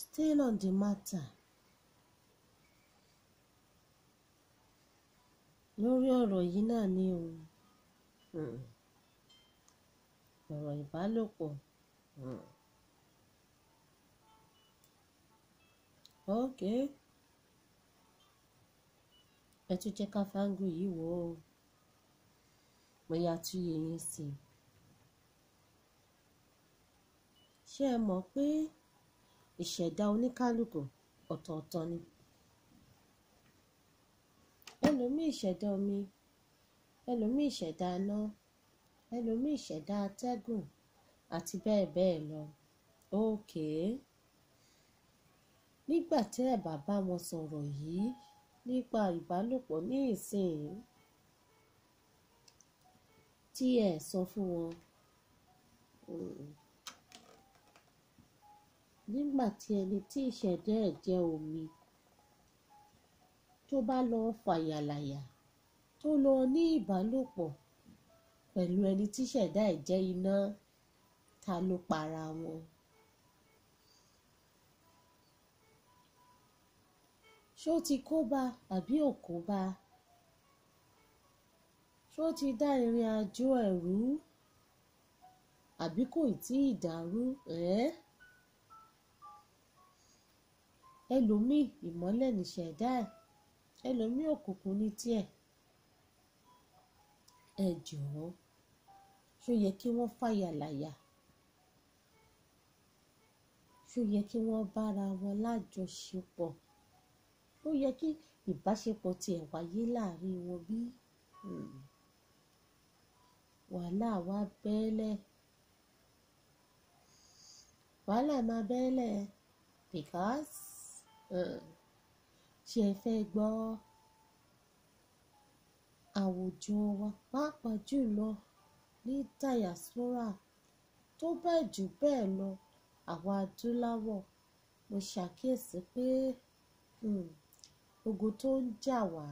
Still on the matter lórí ọ̀rọ̀ yìí náà ni o hmm. ọ̀rọ̀ ìbálòpọ̀ hmm. ok ẹ tún jẹ́ ká fáńgù yìí wò ó bóyá tún yẹ yín sí i ṣé ẹ mọ̀ pé ìṣẹ̀dá oníkálukú ọ̀tọ̀ọ̀tọ̀ ni ẹlòmíì ìṣẹ̀dá omi ẹlòmíì ìṣẹ̀dá iná ẹlòmíì ìṣẹ̀dá atẹ́gùn àti bẹ́ẹ̀ bẹ́ẹ̀ lọ ókè nígbà tí ẹ bá bá wọn sọ̀rọ̀ yìí nípa ìbálòpọ̀ ní ìsìn tí ẹ sọ fún wọn. Mm nígbà tí ẹni tí ìṣẹ̀dá ẹ̀ jẹ́ omi tó bá lọ fàyàlàyà tó lọ ní ìbálòpọ̀ pẹ̀lú ẹni tí ìṣẹ̀dá ẹ̀ jẹ́ iná ta ló para wọn. ṣó ti kóbá àbí ò kóbá ṣó ti dá ìrìn àjò ẹ̀rú àbí kò tí ì dàrú ẹ̀ẹ́. Eh? ẹlòmíì ìmọ́lẹ̀ nìṣẹ̀dá ẹ̀ ẹlòmíì òkùnkùn ní tiẹ̀ ẹ jọ̀ọ́ ṣó yẹ kí wọ́n fàyàlàyà ṣó yẹ kí wọ́n bára wọn lájọṣepọ̀ ó yẹ kí ìbáṣepọ̀ tiẹ̀ wáyé láàrin wọn bí hmm. wàhálà wá bẹ́ẹ́lẹ̀ wàhálà máa bẹ́ẹ́lẹ̀ because ṣé ẹ fẹ́ gbọ́ àwùjọ wa pàápàá jùlọ ní dayasora tó bẹ́ẹ̀ jù bẹ́ẹ̀ lọ àwa adúláwọ̀ mo ṣàkíyèsí pé hmm, ogun tó ń jà wá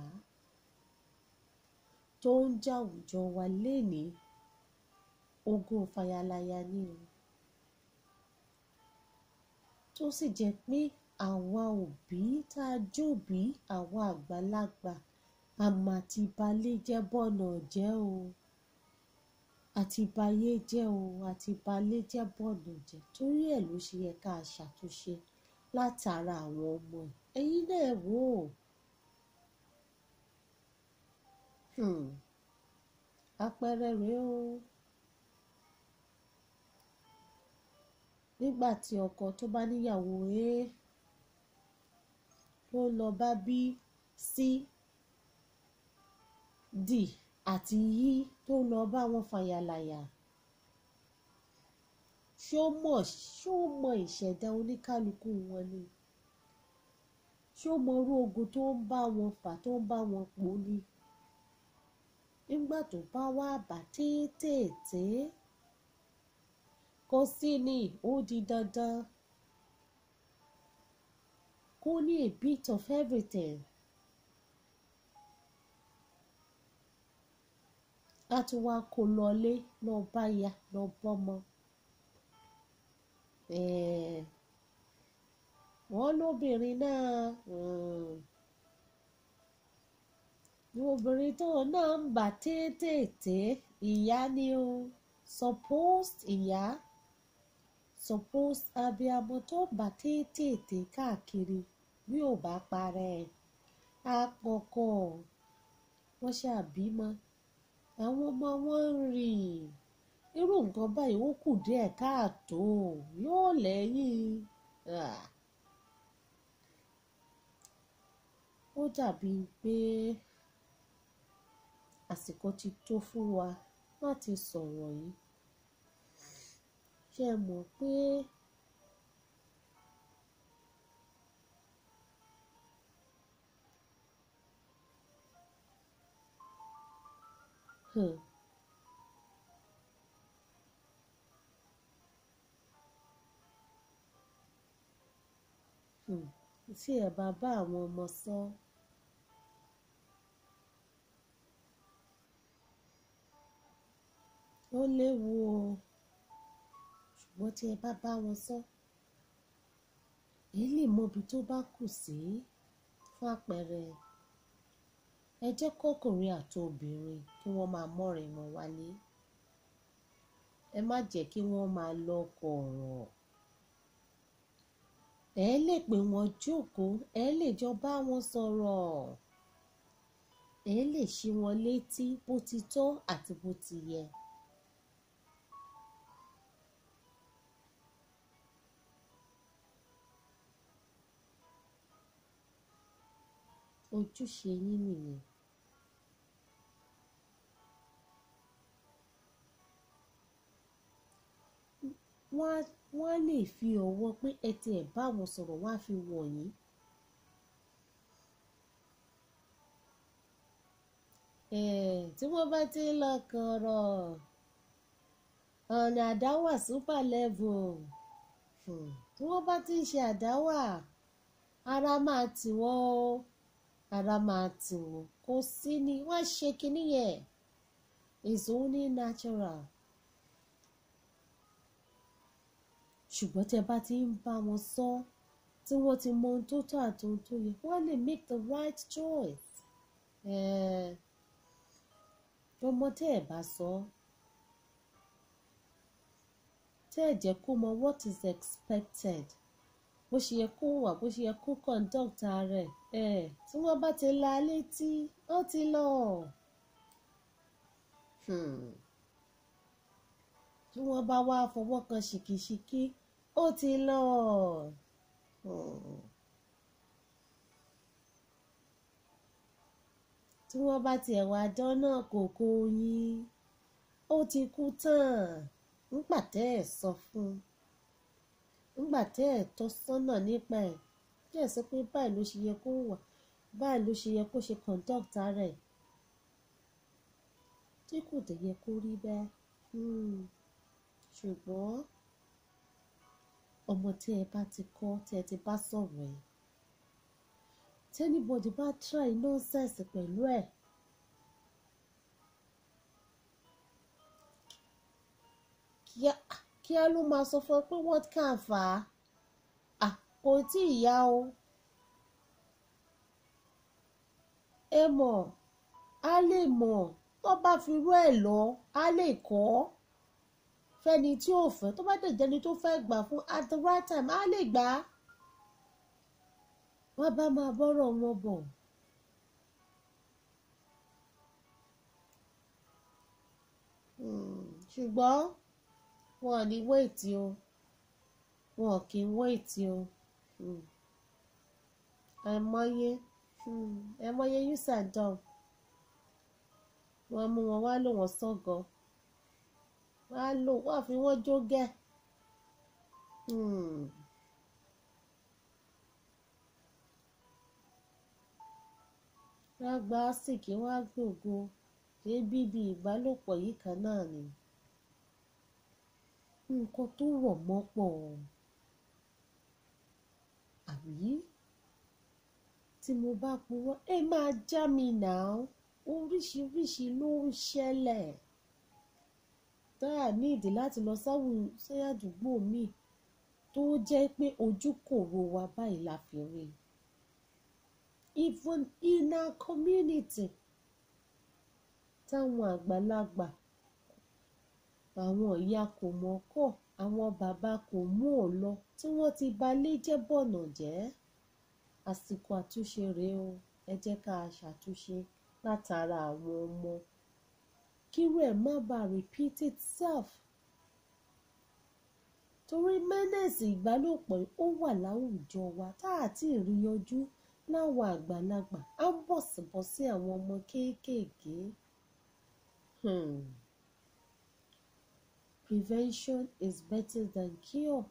tó ń jà àwùjọ wa lénìí ogun fàyàlàyà ni o tó sì jẹ́ pé àwa òbí tá a jóbi àwa àgbàlagbà àmọ́ àti balé jẹ́ bọ̀nà jẹ́ o àti bayé jẹ́ o àti balé jẹ́ bọ̀nà jẹ́ torí ẹ̀ ló ṣe yẹ ká ṣàtúnṣe látara àwọn ọmọ ẹ̀ ẹ̀yin náà wò ó. Hmm. àpẹẹrẹ rèé o nígbà tí ọkọ tó bá níyàwó ẹ ó lọ bá b c d àti yí tó lọ bá wọn fàyàlàyà ṣó mọ̀ ṣó mọ̀ ìṣẹ̀dá oníkálukú wọn ni ṣó mọ orú ogun tó ń bá wọn fà tó ń bá wọn pò ni nígbà tó bá wá bà tètè kò sí ni ó di dandan. Only a bit of everything. a tún wá kó lọlé lọ bá ya lọ bọ́mọ. Eh, wọ́n lóbìnrin náà hmm, obìnrin tó náà ń bà tètè ìyá ni o supposed ìyá supposed abiyamọ tó bà tètè káàkiri bí ò bá parẹ́ á pọkọ wọ́n ṣàbímọ àwọn ọmọ wọn ń rìn irú nǹkan báyìí ó kù díẹ̀ káàtó yóò lẹ́yìn ah. ó dàbí pé àsìkò ti tó fún wa láti sọ̀rọ̀ yìí ṣe mọ̀ pé. Pe... kan um tí ẹ bá bá àwọn ọmọ sọ ó léwu o ṣùgbọ́n tí ẹ bá bá wọn sọ èyí lè mọ tó bá kù sí fún àpẹẹrẹ ẹ jẹ́ kọ́kùnrin àti obìnrin kí wọ́n máa mọ́rẹ̀ mọ́ wálé ẹ má jẹ́ kí wọ́n máa lọ́kọ̀ ọ̀rọ̀ ẹ lè pè wọ́n jókòó ẹ lè jọ bá wọn sọ̀rọ̀ ẹ lè ṣí wọn létí bó ti tọ́ àti bó ti yẹ. ojúṣe yín nìyẹn. wọ́n á lè fi ọwọ́ pé ẹ ti ẹ̀ bá wọn á fi wọ̀ yín. tí wọ́n bá ti ń lọ kọ̀rọ̀ ọ̀nà àdáwà super level hmm, tí wọ́n bá ti ń ṣe àdáwà ara máa tì wọ́n o ara máa tì wọ́n kò sí ni wọ́n ṣe kinní yẹn is only natural. ṣùgbọ́n tẹ́ bá ti ń bá wọn sọ tí wọ́n ti mọ ohun tó tọ́ àti ohun tó yẹ wọ́n lè make the right choice. ọmọ tẹ́ ẹ̀ bá sọ tẹ́ ẹ̀ jẹ́ kó mọ what is expected bó ṣe yẹ kó wà bó ṣe yẹ kó conduct rẹ̀ ẹ̀ eh, tí wọ́n bá ti la létí ó ti lọ. Hmm. tí wọ́n bá wá fọwọ́ kan ṣìkìṣìkì ó ti lọ. Hmm. tí wọ́n bá tiẹ̀ wá dán náà kòkó yín ó ti kú tán ń pàtẹ́ ẹ̀ sọ fún un nígbà ẹ̀ tọ́ sọ́nà nípa ẹ̀ tí sọ pé báyìí ló ṣe yẹ kó wà báyìí ló ṣe yẹ kó ṣe conduct ara ẹ̀ tí kò dẹ̀ yẹ kó rí bẹ́ẹ̀ hmm. ṣùgbọ́n ọmọ tí ẹ bá ti kọ́ tí ẹ ti bá sọ̀rọ̀ ẹ̀ tẹ́nibọ̀dì bá try nonsense pẹ̀lú ẹ̀ Yeah kíá ló máa sọ fún ọ pé wọ́n kàn fà á kò tí ì yá o. ẹ mọ̀ á lè mọ̀ tó bá fi rú ẹ̀ lọ á lè kọ́ ọ́ fẹ́ni tí ò fẹ́ tó bá dẹ̀ jẹ́ni tó fẹ́ gbà fún at the right time á lè gbà á. wọ́n bá máa bọ́rọ̀ wọn bọ̀. Hmm, ṣùgbọ́n. Hmm wọn ò ní wéètì o wọn ò kí ń wéètì o àìmọye hmm. àìmọye hmm. usadom wọn mú wọn wá lò wọn sọgọ wọn á wọn àfi wọn jógẹ. Hmm. wọ́n gba ásìkì wọ́n á gbògo ṣé ìbálòpọ̀ yìí kan náà ni nǹkan tó rọ̀ mọ́ pọ̀ o. Àbí tí mo bá purọ́ ẹ máa já mi nà án oríṣiríṣi ló ń ṣẹlẹ̀ tá a ní ìdí láti lọ sáwọn sí àdúgbò mi tó jẹ́ pé ojú kòrò wa báyìí la fi rí even in our community táwọn àgbàlagbà àwọn ìyá kò mọ̀ọ́kọ̀ àwọn bàbá kò mú òlọ tí wọ́n ti balé jẹ́ bọ̀nà jẹ́ àsìkò àtúnṣe rèé o ẹ jẹ́ ká ṣàtúnṣe látara àwọn ọmọ kírú ẹ̀ má bàa repeat itself torí menace ìbálòpọ̀ ó wà láwùjọ wa tá a ti rí yanjú láwọn àgbàlagbà á bọ̀sibọ̀sí àwọn ọmọ kéékèèké. Hmm. Prevention is better than cure.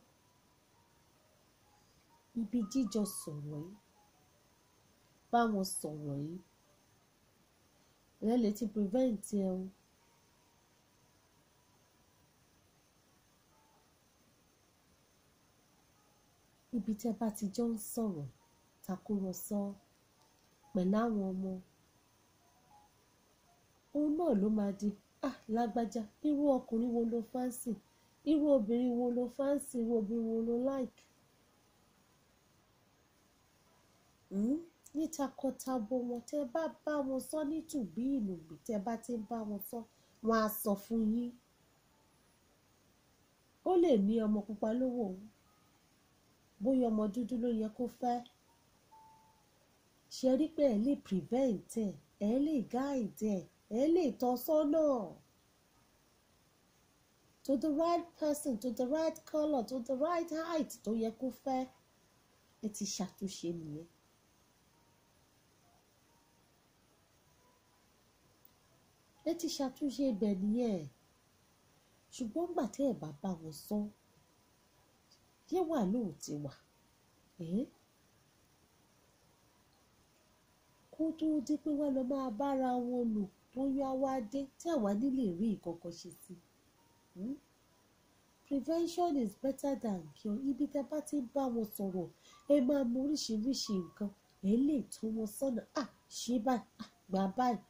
Ibi jíjọ sọ̀rọ̀ yìí bá wọn sọ̀rọ̀ yìí rẹ̀ lè prevent ẹ o. Ibi tẹ́ bá ti jọ ń sọ̀rọ̀ tàkúrọ̀sọ pẹ̀lú àwọn ọmọ òun náà ló máa di ah lágbájá irú ọkùnrin wo ló fáǹsì irú obìnrin wo ló fáǹsì irú obìnrin wo ló láìkì. Hmm? ní takọtabo wọn tẹ bá bá wọn sọ nítùbí ìlùgbì tẹ bá ti ń bá wọn sọ wọn á sọ fún yín ó lè ní ọmọ pupa lówó òun bóyá ọmọ dúdú ló yẹ kó fẹ́ ṣe rí pé ẹ lè prevent ẹ ẹ lè guide ẹ ẹ lè tọ́ sọ́nà to the right person to the right colour to the right height tó yẹ kó fẹ́ ẹ ti ṣàtúnṣe nìyẹn. ẹ ti ṣàtúnṣe ibẹ̀ nìyẹn ṣùgbọ́n gbà tí ẹ bá bá wọn sọ yẹ wà lóhùn ti wà kó tó di pé wọ́n lọ máa bára wọn lò bóyá wá dé tí àwa nílè rí ìkọ̀kọ̀ ṣe sí i. Hmm? prevention is better than cure ibi tẹ́ bá ti bá wọn sọ̀rọ̀ ẹ máa mú oríṣiríṣi nǹkan ẹ lè tó wọn sọ́nà à ṣe báyìí gbà báyìí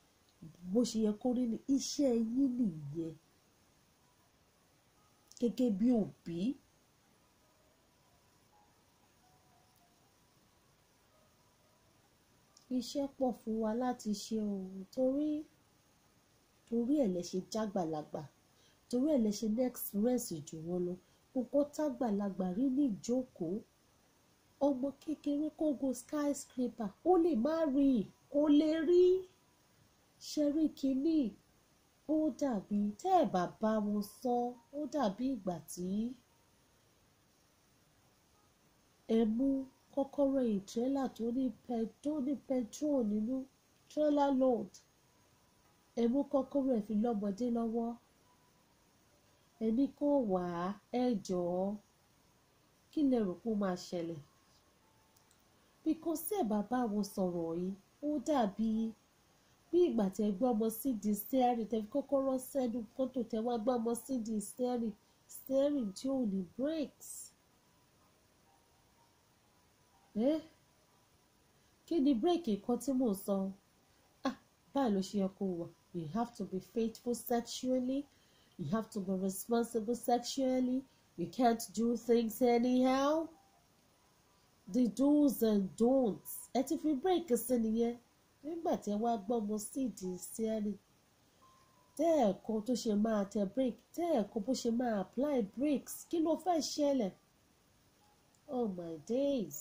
bó ṣe yẹ kó rí ni iṣẹ́ yín nìyẹn gẹ́gẹ́ bí òbí. iṣẹ́ pọ̀ fún wa láti ṣe òun torí torí ẹ̀ lẹ ṣe jágbàlagbà torí ẹ̀ lẹ ṣe ní experience jù wọ́n lọ nǹkan tágbàlagbà rí ní ìjókòó ọmọ kékeré kó go skyscraper ó lè má rí i kó lè rí ṣẹ́rí kínní ó dàbí tẹ́ ẹ̀ bá bá wọn sọ ó dàbí ìgbà tí ẹ mú kọ́kọ́rọ́ ìtírẹ́là tó ní pẹtrol nínú tírẹ́là lọ́ọ̀dù ẹ mú kọ́kọ́rọ́ ẹ fi lọ́mọdé lọ́wọ́ ẹ ní kó wá ẹ jọ̀ọ́ kí lẹ rò pé ó máa ṣẹlẹ̀ bíkọ́sí ẹ̀ bàbá wọn sọ̀rọ̀ yìí ó dàbí bí ìgbà tẹ gbọ́ ọmọ sídìí steering tẹ fi kọ́kọ́rọ́ sẹ́nu mọ́tò tẹ wá gbọ́ ọmọ sídìí steering steering tí ò ní brakes. Eh? kí ni bírèkì kan tí mò ń sọ ah, báyìí ló ṣe yẹ kó wà You have to be faithful sexually. You have to be responsible sexually. You can't do things anyhow. The do's and don'ts. Ẹ ti fi bírèkì sí nìyẹn nígbà tí ẹ wá gbọ́mọ sí ìdí síárì. Tẹ́ ẹ̀kọ́ tó ṣe máa tẹ Break Tẹ́ ẹ̀kọ́ bó ṣe máa apply brakes. Kí ló fẹ́ ṣẹlẹ̀? Oh my days.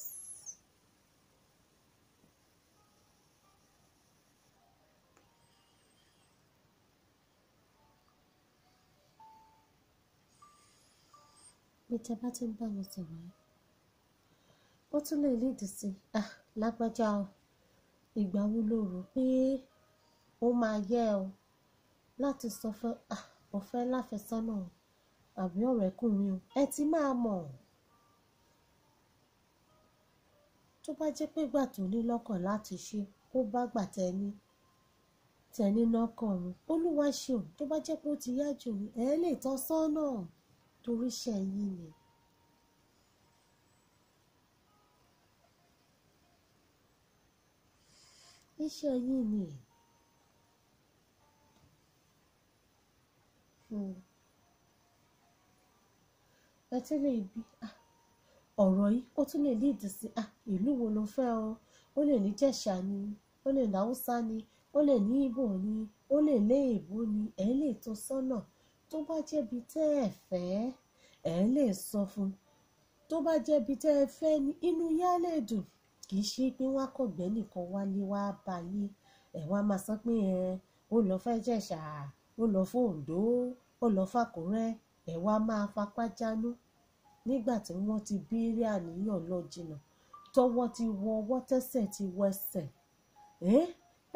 níta bá tún bá wọn tẹ̀ wá ó tún lè lédìí sí ah lágbájá o ìgbà wo lo rò pé ó máa yẹ ọ láti sọ fún ọ̀fẹ́ ah, láfẹ́sọ́nà àbí ọ̀rẹ́kùnrin o ẹ ti máa mọ̀ tó bá jẹ́ pé gbà tó ní lọ́kàn láti ṣe ó bá gbà tẹ́ni tẹ́ni lọ́kàn mi olúwa ṣeun tó bá jẹ́ pé ó ti yá jù ẹ lè tọ́ sọ́nà. So torí ṣẹ̀ yín ni. iṣẹ́ yín ni. Hmm. ẹ tún lè bí ọ̀rọ̀ yìí ó tún lè líìdì sí ah, ìlú wo ló fẹ́ o ó lè ní jẹ̀ṣà ni ó lè ní haúsá ni ó lè ní ìbò ni ó lè lé èbó ni ẹ̀ lè tó sọ́nà. So tó bá jẹ́bi tẹ́ ẹ fẹ́ ẹ lè sọ fún tó bá jẹ́bi tẹ́ ẹ fẹ́ ni inú yá lè dùn kì í ṣe pé wọ́n kọ̀gbẹ́ nìkan wálé wá bá yé ẹ̀ wá máa sọ pé ẹ ó lọ fẹ́ jẹ̀ṣà ó lọ fún Oǹdó ó lọ fàkúrẹ́ ẹ̀ wá máa fapá jánú nígbà tí wọ́n ti béèrè àníyàn lọ jìnnà tọwọ́ ti wọ ọwọ́ tẹ́sẹ̀ ti wọ ẹsẹ̀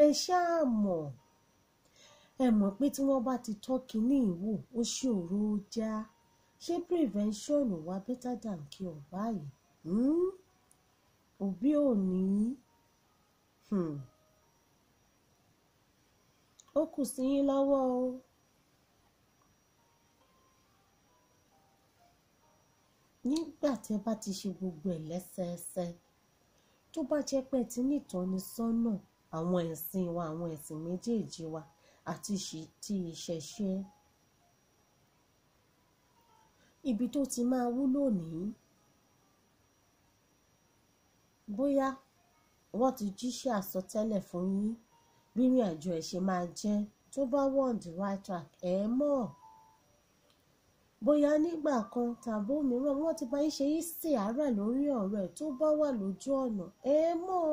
ẹ ṣáà mọ̀ ẹ mọ̀ pé tí wọ́n bá ti tọ́ kinní ìwò ó ṣòro já ṣé prevention wà better than cure báyìí hmm? òbí ò ní hmm. ó kù sí yín lọ́wọ́ o. nígbà tí ẹ bá ti ṣe gbogbo ẹ̀ lẹ́sẹẹsẹ tó bá jẹ́ pé ẹ ti ní ìtọ́nisọ́nà àwọn ẹ̀sìn wa àwọn ẹ̀sìn méjèèjì wa àti ti ìṣẹ̀ṣe ibi tó ti máa wúlò nìyí bóyá wọ́n ti jíṣẹ́ àsọtẹ́lẹ̀ fún yín rírìn àjò ẹ̀ ṣe máa jẹ́ tó bá wọ̀ on right track ẹ̀ ẹ́ mọ̀ bóyá nígbà kan tàbí òmíràn wọ́n ti bá yín ṣe yín sí àárẹ̀ lórí ọ̀rọ̀ ẹ̀ tó bá wà lójú ọ̀nà ẹ̀ ẹ́ mọ̀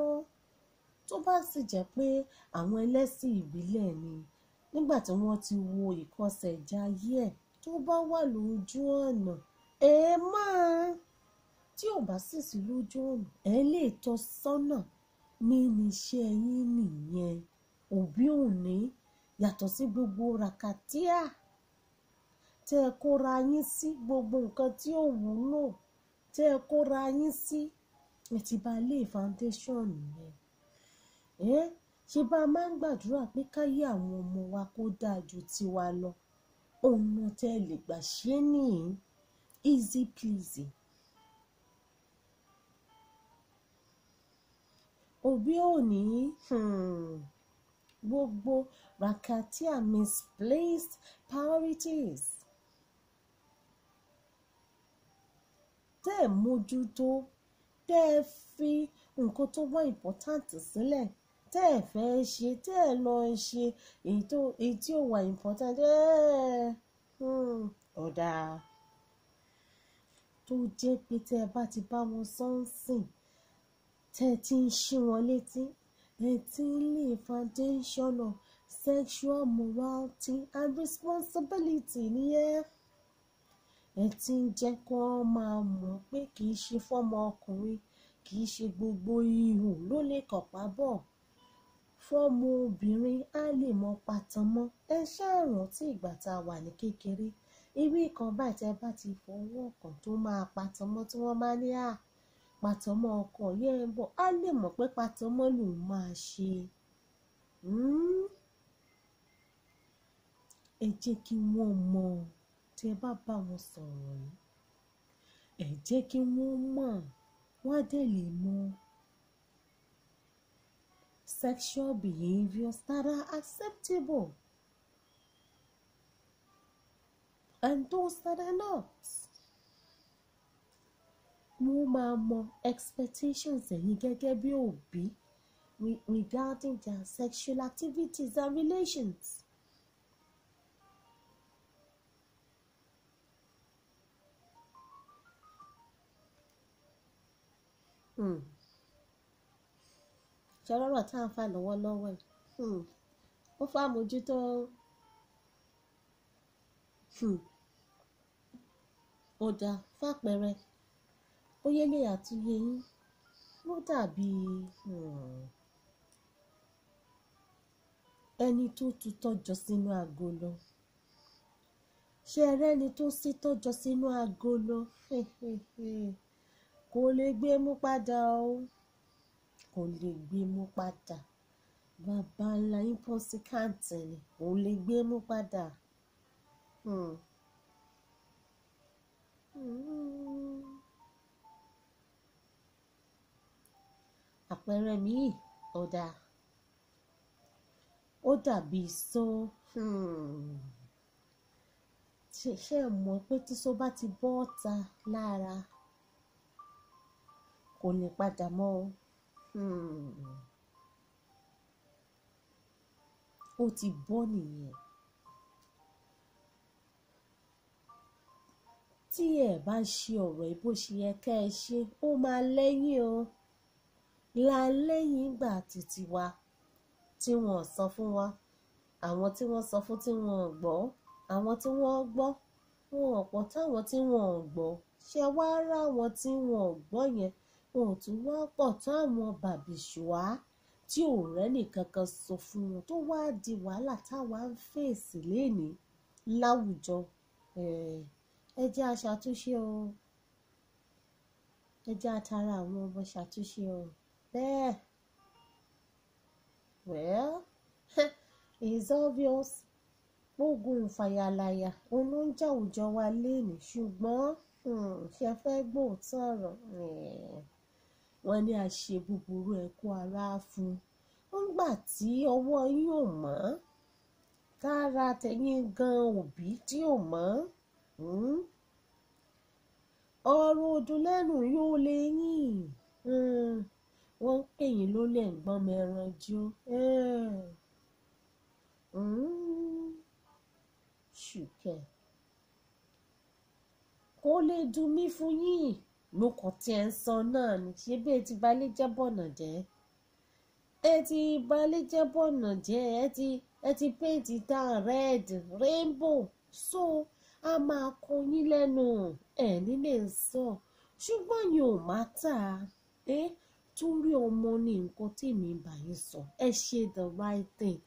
tó bá sì jẹ́ pé àwọn ẹlẹ́sìn ìbílẹ̀ ni nígbà tí wọ́n ti wo ìkọsẹ̀ jayé ẹ̀ tó bá wà lójú ọ̀nà ẹ máa tí ò bá sì sí lójú ọ̀nà ẹ lè tọ́ sọ́nà ní níṣẹ́ yín nìyẹn òbí òní yàtọ̀ sí gbogbo ràkàtíà tẹ́ ẹ kóra yín sí gbogbo nǹkan tí ò wúlò tẹ́ ẹ kóra yín sí ẹ ti bà lé foundation yẹn ṣe bá a máa ń gbàdúrà pé káyé àwọn ọmọ wa kó dáa ju tiwa lọ ọ̀nà tẹ́ ẹ lè gbà ṣe é nìyí easy peasy. òbí òní hmm, gbogbo rakatia misplaced priorities tẹ́ ẹ mójútó tẹ́ ẹ fi nǹkan tó wá important sílẹ̀. Si tẹ́ ẹ̀ fẹ́ ṣe tẹ́ ẹ̀ lọ ṣe èyí tí ó wà important hmm, ọ̀dà tó jẹ́ pé tẹ́ ẹ bá ti bá wọn sọ́nsìn tẹ́ ẹ ti ń ṣí wọn létí ẹ ti ń lè foundation of sexual morality and responsibility nìyẹn ẹ ti ń jẹ́ kó máa mọ̀ pé kì í ṣe fọ́mọ ọkùnrin kì í ṣe gbogbo ihò ló lè kọ̀pá bọ̀ fọ́mọbìnrin á lè mọ patan mọ́ ẹ ṣáà rántí ìgbà tá a wà ní kékeré irú ìkan báyìí tẹ́ bá ti fọwọ́ kàn tó máa patan mọ́ tí wọ́n bá ní à patan mọ́ ọkọ yẹn ń bọ̀ á lè mọ̀ pé patan mọ́ lòun máa ṣe hmm? ẹ jẹ́ kí wọ́n mọ tẹ́ bá bá wọn sọ̀rọ̀ yìí ẹ jẹ́ kí wọ́n mọ̀ wọ́n á dẹ̀ lè mọ̀ sexual behaviors that are acceptable and those that are not. Mo máa mọ expectations ẹ̀yin gẹ́gẹ́ bí òbí regarding their sexual activities and relations. Hmm ṣọlọ́rọ̀ tá à ń fà lọ́wọ́lọ́wọ́ yìí hmm. ó fàmójútó hmm. ó dá fàpẹrẹ ó yélé àtúnyẹ yín ó dàbí hmm, ẹni tó tutọ́ jọ sínú agolo ṣé ẹ rẹ́ni tó sí tọ́jọ sínú agolo kò lè gbé mú padà o kò lè gbé mú padà bàbá ńlá imposikant ni kò lè gbé mú padà. Hmm. Hmm. àpẹẹrẹ míì ọ̀dà ó dàbí so hmm. ṣe mọ̀ pé tí so bá ti bọ́ ọ̀ta lára kò lè padà mọ́ o. Hmm. ó ti bọ́ nìyẹn tí ẹ bá ṣe ọ̀rọ̀ bó ṣe yẹ ká ẹ ṣe ó máa lẹ́yìn o la lẹ́yìn ìgbà títí wa tí wọ́n sọ fún wa àwọn tí wọ́n sọ fún tí wọ́n gbọ́ àwọn tí wọ́n gbọ́ wọn ọ̀pọ̀ táwọn tí wọ́n gbọ́ ṣe wá ráwọn tí wọ́n gbọ́ yẹn wọn ò tún wá pọ̀ tó àwọn bàbìṣùá tí ò rẹ́nì kankan sọ fún wọn tó wá di wàhálà táwa ń fèsì lénìí láwùjọ ẹ jẹ́ aṣàtúnṣe o ẹ jẹ́ atara àwọn ọmọ ṣàtúnṣe o bẹ́ẹ̀ well it's obvious gbógun ìfàyàlàyà olóúnjà òòjọ́ wa lénìí ṣùgbọ́n hmm, ṣe fẹ́ gbóòótọ́ ọ̀rọ̀ wọ́n ní àṣe búburú ẹkú ara fún un nígbà tí ọwọ́ yín ò mọ́ tára tẹ̀yìn gan òbí tí ò mọ́ hmm? ọ̀rọ̀ ọdún lẹ́nu yóò lè yìn hmm. wọ́n ń pè yín lólè ǹgbọ́n mẹ́ran jó hmm. ṣùkẹ́ kó lè dùn mí fún yín mo kàn tí ẹ ń san náà ni ṣé bí ẹ ti balẹ̀ jẹ́ bọ̀nà jẹ́ ẹ ti balẹ̀ jẹ́ bọ̀nà jẹ́ ẹ ti ẹ ti paint tan red rainbow so a máa kọ yín lẹ́nu ẹ̀ nílé ń sọ ṣùgbọ́n yóò má tà á ẹ́ torí ọmọ ní nǹkan tèmi bá yín sọ ẹ ṣe the right thing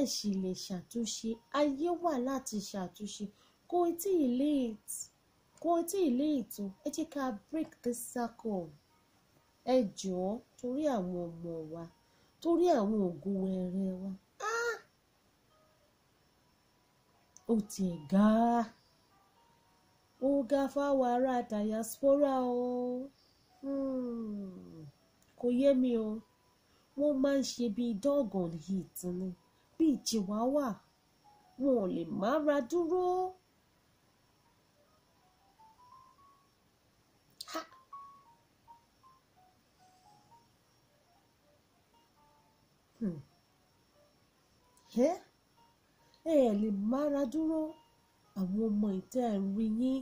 ẹ sì lè ṣàtúnṣe ayé wà láti ṣàtúnṣe kò tí ì late kò tí ì lé ètò ẹ jẹ́ ká break the circle ẹ jọ̀ọ́ torí àwọn ọmọ wa torí àwọn ògo wẹrẹ wa ah! ó tiẹ̀ ga ó ga fáwọn ará diaspora o hmm. kò yé mi o wọ́n máa ń ṣe bíi dog on heat ni bíi chihuahua wọn ò lè mára dúró. ẹ ẹ lè mára dúró àwọn ọmọ ìtẹ́ ẹ̀rí yín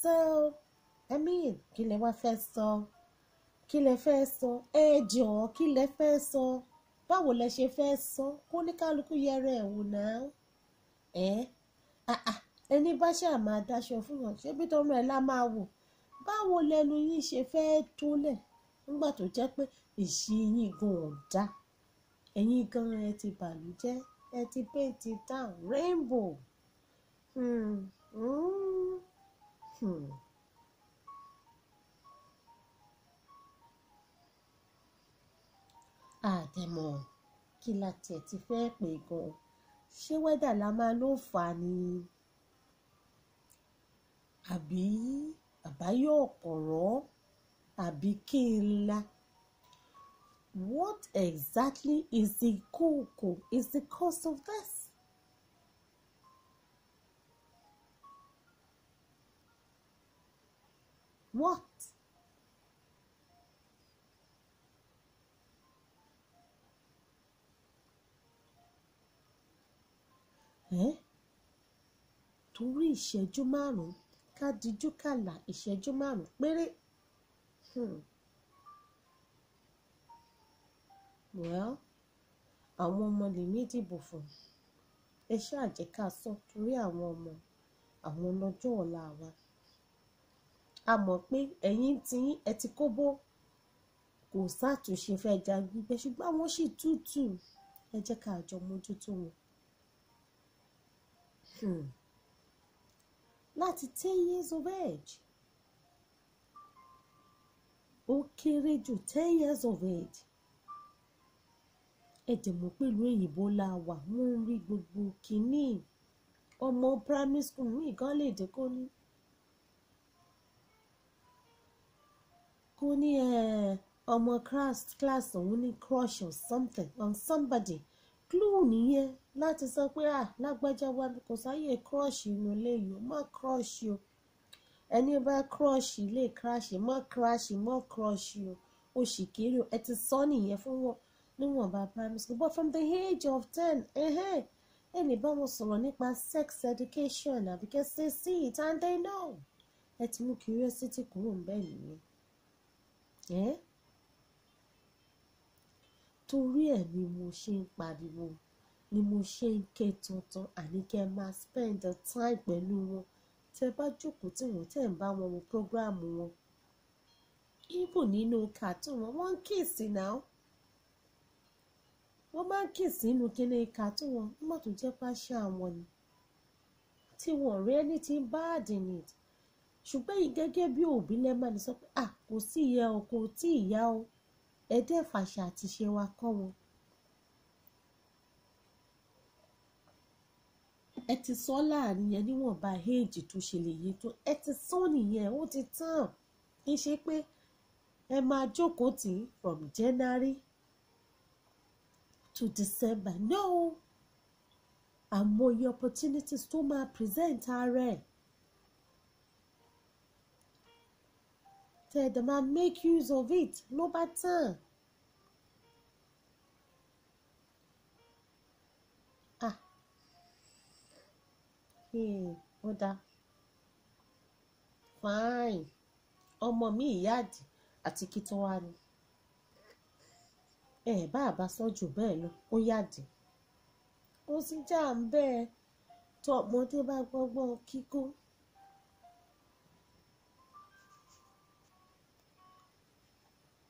sọ ẹ mìíràn kí lẹ wá fẹ́ sọ kí lẹ fẹ́ sọ ẹ jọ̀ọ́ kí lẹ fẹ́ sọ báwo lẹ ṣe fẹ́ sọ kó ní kálukú yẹra ẹ̀ wò náà ẹ ẹni bá ṣáà máa dáṣọ fún wọn ṣé bí tọmọ ẹ lá máa wò báwo lẹnu yín ṣe fẹ́ tólẹ̀ nígbà tó jẹ́ pé èsì yín gan ò dá ẹ̀yin gan ẹ ti bàlújẹ́ thirty painti town rainbow um, hmm. um, hmm. um. Hmm. àtẹ̀mọ̀ kí la tiẹ̀ ti fẹ́ pè gan ṣé wẹ́dà la máa ló fà á ni àbí àbáyọ̀ ọ̀pọ̀rọ̀ àbí kí n la. What exactly is the koko, is the cause of this? What? Eh? Torí ìṣẹ́jú márùn-ún ká dijú kàlà ìṣẹ́jú márùn péré. Hmm. well àwọn ọmọ lèmi dìbò fún ẹ ṣáà jẹ́ ká sọ torí àwọn ọmọ àwọn lọ́jọ́ ọ̀la wa a mọ̀ pé ẹ̀yin tí ẹ ti kóbó kò sàtúnṣe fẹ́ ja gbígbẹ ṣùgbọ́n wọ́n sì tútù ẹ jẹ́ ká jọ mójútó wọn. Hmm. láti ten years of age ó kéré jù ten years of age ẹ dẹ̀ mọ̀ pé ìlú òyìnbó la wà wọ́n ń rí gbogbo kínní ọmọ primary school míì gan lè dé kó ní kó ní ọmọ class class òun ní crush on something on somebody clue nìyẹn láti sọ pé à lágbájá wa kò sáyè crush inú ilé yìí o má crush o ẹni bá crush lè crash má crash má crush o o sì kéré o ẹ ti sọ nìyẹn fún wọn níwọ̀nba primary school but from the age of ten ẹ lè bá wọn sọ̀rọ̀ nípa sex education àbí because they see it and they know ẹ ti mú curiosity kúrò ń bẹ́ẹ̀ nìyẹn eh? torí ẹ̀ ni mo ṣe ń pariwo ni mo ṣe ń ké tuntun àní kẹ́ máa spend time pẹ̀lú wọn tẹ́ bá jókòó tí wọ́n tẹ́ ń bá wọn wo program wọn even nínú cartoon wọn wọ́n ń kíìsì náà wọ́n máa ń kì sínú kíní ìka tí wọ́n nígbà tó jẹ́ páṣẹ àwọn ni tí wọ́n rí ẹni tí ń bá àdìní ṣùgbọ́n yìí gẹ́gẹ́ bí òbí lẹ́mọ̀ ni sọ pé à kò sí ìyá o kò tí ìyá o ẹ̀ẹ́dẹ́ fàṣà àti ṣe wa kọ́ wọn. ẹ ti sọ láàrin yẹn níwọ̀nba éèjì tó ṣe lè yé tó ẹ ti sọ nìyẹn ó ti tán kì í ṣe pé ẹ máa jókòó tì í from January to December no àmọye opportunities tó máa present ara ẹ̀ tẹ̀dẹ̀ máa make use of it ló bá ah. Hey, ó dá fine ọmọ mi ìyáàdì àti kí tó wá ni ẹ bá a bá sọ jù bẹ́ẹ̀ lọ ó yàdí kò sí já ń bẹ́ẹ̀ tó ọmọdé bá gbọ́gbọ́n kíkó.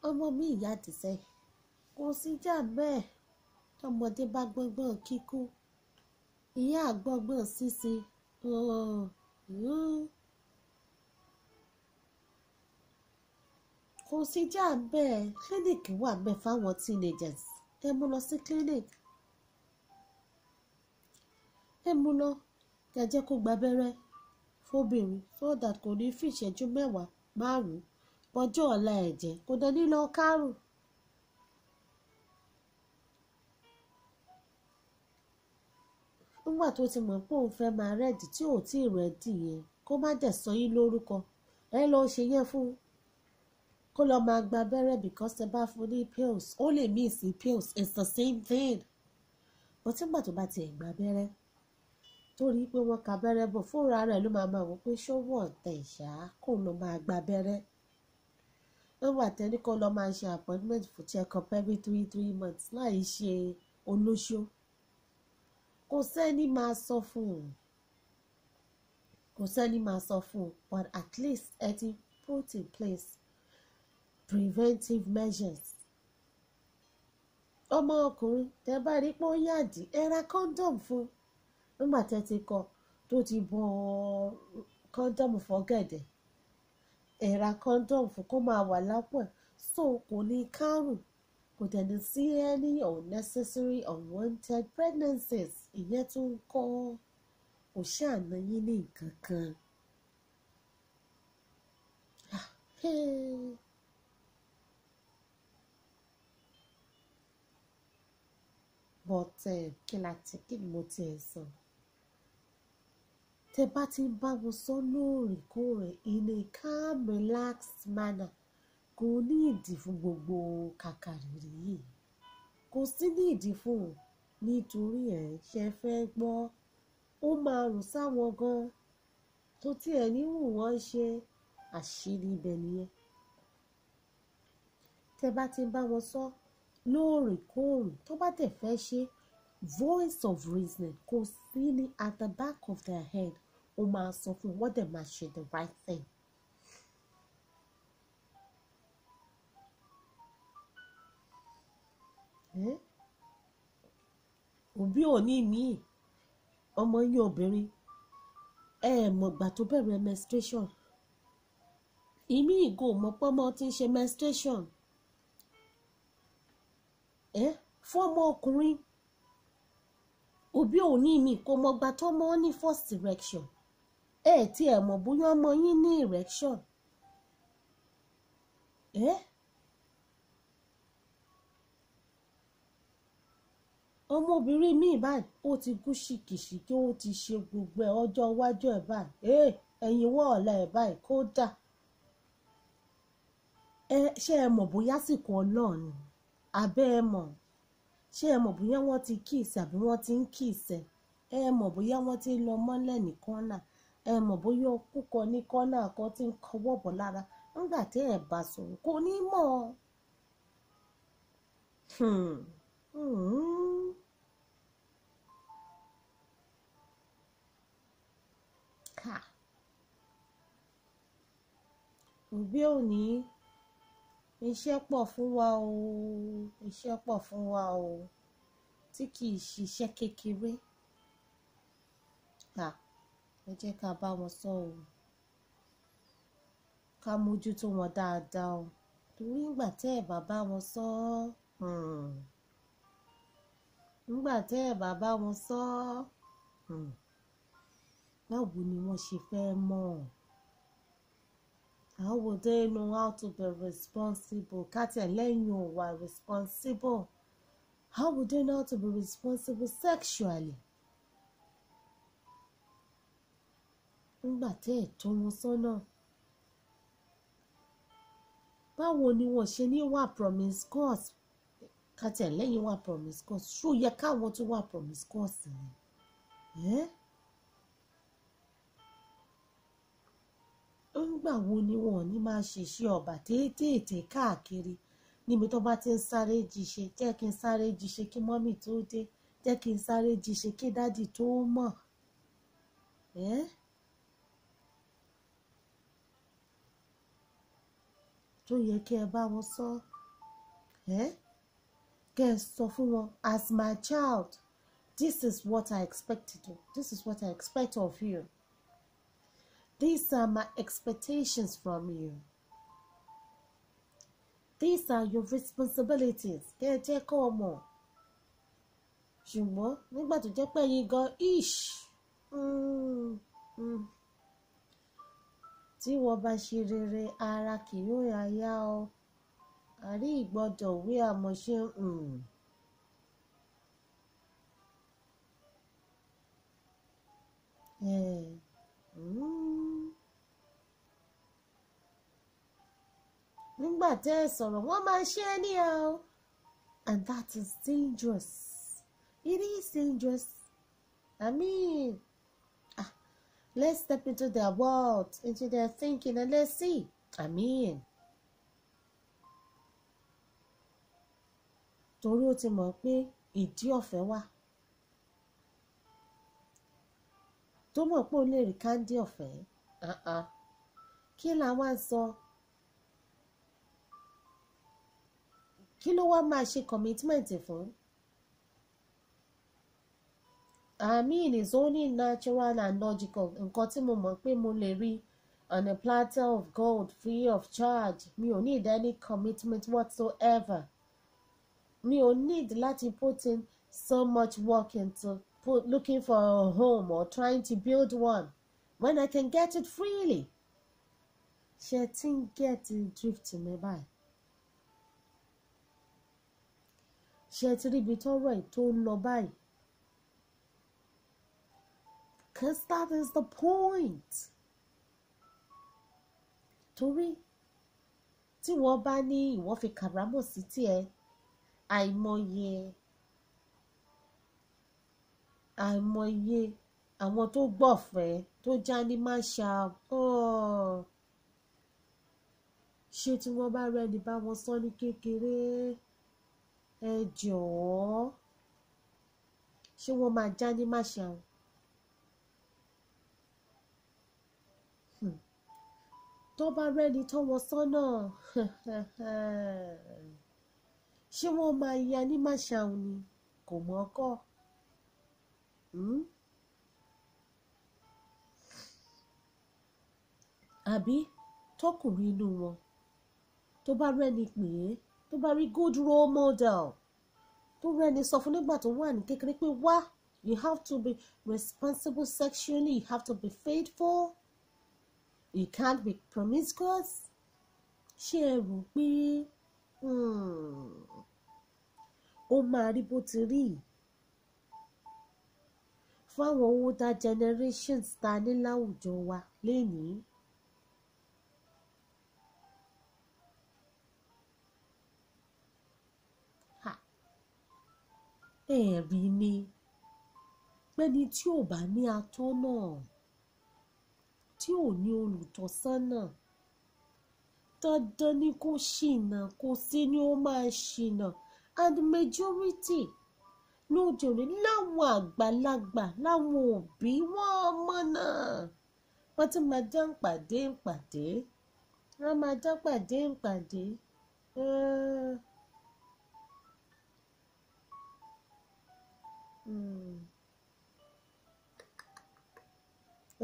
ọmọ mi ìyá àdìsẹ́ kò sí já bẹ́ẹ̀ tọmọdé bá gbọ́gbọ́n kíkó ìyá àgbọ́gbọ́n sísè. Uh, uh. kò sí já bẹ́ẹ̀ clinic wà bẹ́ẹ̀ fáwọn teenagers ẹ mú lọ sí clinic ẹ mú lọ jẹjẹ kó gba abẹ́rẹ́ fóbìnrin so that kò ní fi ìṣẹ́jú mẹ́wàá márùn-ún bọjọ́ ọ̀la ẹ̀jẹ̀ kò dẹ̀ nílò kárùn. nígbà tó ti mọ̀ pé òun fẹ́ máa rẹ́dì tí ò tí ì rẹ́dì yẹn kó má dẹ̀ sọ yín lórúkọ ẹ lọ́ọ́ ṣe yẹn fún un kó lọ máa gba abẹ́rẹ́ because ẹ bá fún ní pills ó lè mean sí pills it's the same thing bó tí gbà tó bá tiẹ̀ gba abẹ́rẹ́ tó rí pé wọ́n ka abẹ́rẹ́ bọ̀ fúnra rẹ̀ ló máa máa wọ pé ṣó wọ̀n tẹ̀ ṣá kó lọ máa gba abẹ́rẹ́ nígbà tẹ́ni kó lọ máa ṣe appointment for check up every three three months láì ṣe olóṣó kò sẹ́ni máa sọ fún un kò sẹ́ni máa sọ fún un but at least ẹ ti put in place preventive measures. ọmọ ọkùnrin tẹ bá rí pé ó yàdí ẹ condom fún nígbà tẹ ti kọ tó ti bọ condom fọgẹdẹ ẹ ra condom fún kó máa wà lápò ẹ so kò ní kárùn kò tẹ̀lé sí any unnecessary unwanted pregnancies ìyẹn tó ń kọ́ kò ṣàánú yín ní nǹkan kan. Ah, hey. but eh, kí la ti kí ni mo ti ẹ̀ sọ tẹ bá ti ń bá wọn sọ lóòrèkóòrè in a calm relaxed manner kò ní ìdí fún gbogbo kàkàrìrì yìí kò sí ní ìdí fún un nítorí ẹ̀ ṣe fẹ́ gbọ́ ó máa rùn sáwọn gan tó tí ẹ̀ níwò wọ́n ṣe àṣírí ibẹ̀ nìyẹn tẹ bá ti ń bá wọn sọ. So, lóòrèkóòrè tó bá tẹ̀ fẹ́ ṣe voice of reason kò sí ní at the back of their head ó máa sọ fún wọ́n dẹ̀ máa ṣe the right thing. òbí òní míì ọmọ yín obìnrin ẹ mọ̀gbà tó bẹ̀rẹ̀ menstruation ìmí ìgò mọ̀pọ́mọ́ ti ń ṣe menstruation ẹ fún ọmọ ọkùnrin òbí òní mi kò mọ̀gbà tó mọ́ ní first erection ẹ ti tí ẹ̀ mọ̀ bóyá ọmọ yín ní erection ẹ ọmọbìnrin mi báyìí ó ti kú ṣìkìṣìkì ó ti ṣe gbogbo ẹ ọjọ́ iwájú ẹ báyìí ẹ ẹ̀yìn wọ́ọ̀lá ẹ báyìí kódà ẹ ṣé ẹ mọ̀ bóyá sì kọ́ abe emo ṣe emobu ya wọn ti kii ise abi won ti nki ise emobu ya wọn ti lọ mọle nikola emobu yọ puku nikola kọ ti nkọwọbọlara nga te ebaso nkọ ni ọ kaa nbi onii iṣẹ́ pọ̀ fún wa o iṣẹ́ pọ̀ fún wa o tí kì í ṣiṣẹ́ kékeré à ẹ jẹ́ ká bá wọn sọ o ká mójútó wọn dáadáa o torí ìgbà tẹ́ ẹ̀ bá bá wọn sọ ọ́ hmm, nígbà tẹ́ ẹ̀ bá bá wọn sọ ọ́ hmm, báwo ni wọ́n ṣe fẹ́ mọ̀ ọ́ how would they know how to be responsible kátì ẹlẹ́yìn ò responsible how would they know how to be responsible sexually. nígbà tẹ́ ẹ̀ tọ́ wọn sọ́nà báwo ni wọ́n ṣe ní wà promiscuous kátì ẹlẹ́yìn wà promiscuous ṣó yẹ káwọn tó wà promiscuous ni. Eh? ńgbà wo ni wọn ò ní máa ṣèṣe ọ̀bà téètéètè káàkiri níbi tó bá ti ń sáré jíṣe jẹ́ kí n sáré jíṣe kí mọ́mì tó dé jẹ́ kí n sáré jíṣe kí dádì tó mọ̀ ẹ́. tó yẹ kí ẹ bá wọn sọ ẹ́ kí ẹ sọ fún wọn as my child this is what I expected this is what I expect of you. These are my expectations from you. These are your responsibilities. Kẹ́ ẹ jẹ́ kó o mọ̀. Ṣùgbọ́n nígbà tó jẹ́ pé ẹ̀yin gan ish mm, mm. tí wọ́n bá ṣe rere ara kì yóò yá yá ọ. Àrí ìgbọ́dọ̀ wí àmọ̀ṣe. Yeah. Mm. nígbà tẹ́ ẹ sọ̀rọ̀ wọ́n máa ṣe é ní ẹ and that is dangerous it is dangerous I mean ah, let's step into their world into their thinking and let's see I mean torí ó ti mọ̀ pé ìdí ọ̀fẹ́ wà tó mọ̀ pé ó lè rí káńdí ọ̀fẹ́ uh-uh. kí làwọn sọ. So, kí ló wá máa ṣe commitment fún. amin is only natural and logical nǹkan tí mo mọ̀ pé mo lè rí on a platter of gold free of charge mi ò need any commitment whatsoever mi ò need láti put in so much work into put, looking for a home or trying to build one when I can get it freely. ṣe ti ń get drift mi báyìí. ṣe ti ríbi tọ́rọ̀ ẹ̀ tó ń lọ báyìí. Cause that is the point. Torí tí wọ́n bá ní ìwọ fi kàrámọ̀ sí tiẹ̀ àìmọye àìmọye àwọn tó gbọ̀fẹ́ tó já ní máṣá ṣé tí wọ́n bá rẹ́ni bá wọn sọ ní kékeré. Ke ẹ jọ̀ọ́ ṣé wọ́n máa já ní màṣà o. Hmm. tó bá rẹ́ni tọ́ wọn sọ́nà ṣé wọ́n máa ya ní màṣà o ni kò mọ́ ọkọ́. Hmm? àbí tọkùnrin inú wọn tó bá rẹ́ni pè é tó bá rí good role model tó rẹni sọ fún nígbà tó wà ní kékeré pé wá you have to be responsible sexually you have to be faithful you can't be promiscuous ṣé ẹ rò pé hmm, ó máa rí bó ti rí fún àwọn owó tá generations ta ní láwùjọ wa lénìí ẹ̀rí ni pẹ́ni tí ò bá ní atọ́nà tí ò ní olùtọ́sọ́nà dandan ni kó ṣìnà kó sí ni ó máa ṣìnà and majority lóde òní láwọn àgbàlagbà láwọn òbí wọn mọ̀nà wọ́n ti máa dá ń pàdé ń pàdé wọ́n máa dá pàdé ń pàdé. Uh...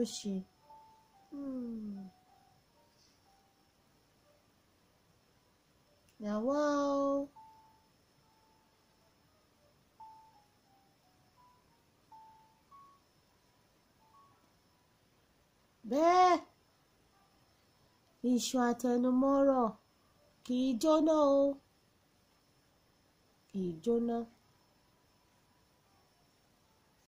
እሺ hmm. hmm. iṣu àtẹnumọ́rọ̀ kì í jóná o kì í jóná.